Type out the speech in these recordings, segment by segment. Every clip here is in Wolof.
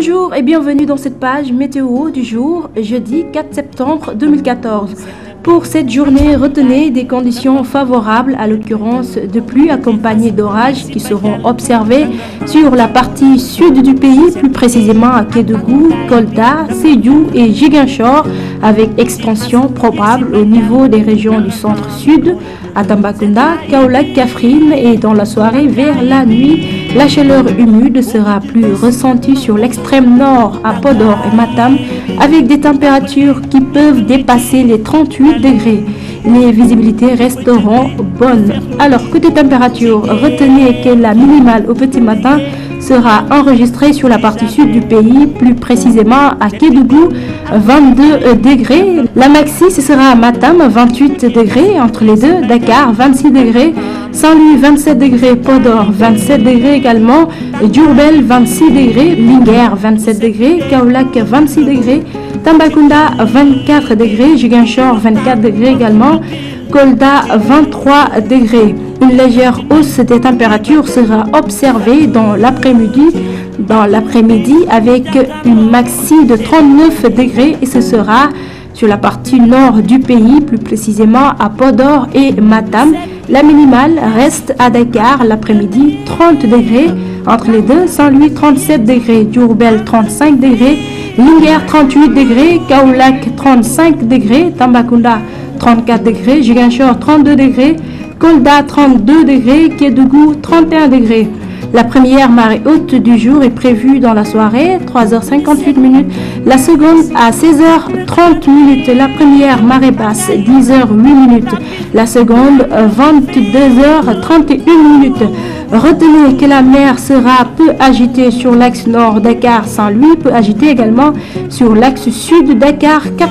Bonjour et bienvenue dans cette page météo du jour, jeudi 4 septembre 2014. Pour cette journée, retenez des conditions favorables à l'occurrence de pluie accompagnées d'orages qui seront observés sur la partie sud du pays, plus précisément à Kédougou, Kolda, Sédiou et Giguinchor, avec extension probable au niveau des régions du centre-sud, à Tambacounda, Kaolak, Kafrine et dans la soirée vers la nuit La chaleur humide sera plus ressentie sur l'extrême nord à Podor et Matam avec des températures qui peuvent dépasser les degrés. Les visibilités resteront bonnes alors que des températures retenez que la minimale au petit matin sera enregistré sur la partie sud du pays, plus précisément à Kédougou, 22 degrés. La maxi, ce sera à Matam, 28 degrés entre les deux, Dakar, 26 degrés, Saint-Louis, 27 degrés, Podor, 27 degrés également, Djurbel, 26 degrés, Linguerre, 27 degrés, Kaolac, 26 degrés, Tambacounda, 24 degrés, Juguinchor, 24 degrés également, Kolda, 23 degrés. Une légère hausse des températures sera observée dans l'après-midi dans l'après-midi avec une maxi de 39 degrés et ce sera sur la partie nord du pays, plus précisément à Podor et Matam. La minimale reste à Dakar l'après-midi 30 degrés, entre les deux, Saint-Louis 37 degrés, Diourbel 35 degrés, Linguère 38 degrés, Kaolack degrés, Tambacounda 34 degrés, Jigashore 32 degrés, Kolda 32 degrés, Kédougou 31 degrés. La première marée haute du jour est prévue dans la soirée, La seconde à 16h30 minutes. La première marée basse, 10h08 minutes. La seconde, 22h31 minutes. Retenez que la mer sera peu agitée sur l'axe nord Dakar-Saint-Louis, peu agitée également sur l'axe sud dakar cap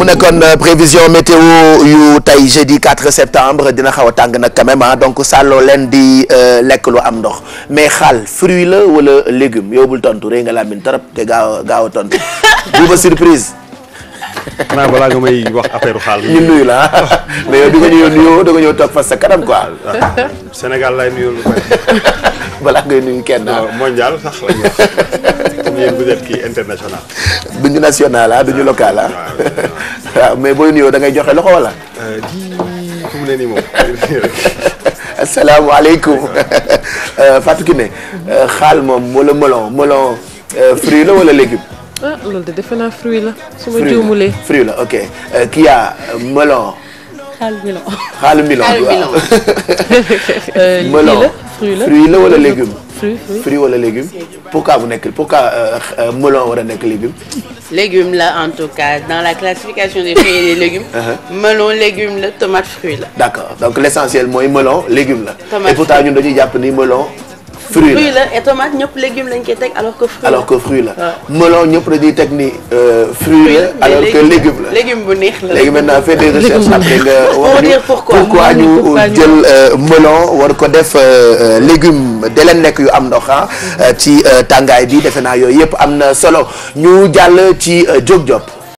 mu nekkoon euh, prévision météo yu tey jeudi 4 septembre dina xaw a tàng nag quand ah, donc sàlloo leen di euh, lekk lu am ndox mais xaal fruit la wala légume yow bul tontu rëy nga làmmiñ trop te gaaw gaaw a tontu buuba surprise. xanaa balaa nga may wax affaire xaal. ñu nuyu la ah mais yow di nga ñëw nuyoo da nga ñëw nuyu kenn ah. mondial sax la ñuy wax comme yéen waaw ah, mais booy nuyoo da ngay joxe loxo wala. Euh, di fi mu ne nii moom. Euh, euh, xaal moom wala melon melon fruit la wala légume. ah loolu de defe naa su ma juumulee fruit la ok kii yaa melon. xaalu melon. xaalu melon waaw melon. wala légume. fruit wala légume pourquoi bu nekk pourquoi euh, euh, melon war a nekk légume légume la en tout cas dans la classification des fruits et des légumes. Uh-huh. melon légume la tomate fruit la. d'accord donc l'essentiel mooy melon légume la. tomate et pourtant ñun dañuy jàpp ni melon. fruit la fruit la et ñëpp légume lañ koy teg alors que. fruit alors que fruit la melon ñëpp dañuy teg ni euh, fruit la alors que légume la légume bu neex la léegi maintenant fais des recherches après nga. wax ñu pourquoi ñu jël euh, melon war ko def euh, légume de leen nekk yu am ndox ah. ci tàngaay bi defe naa yooyu yëpp am na solo ñu jàll ci jóg-jóg.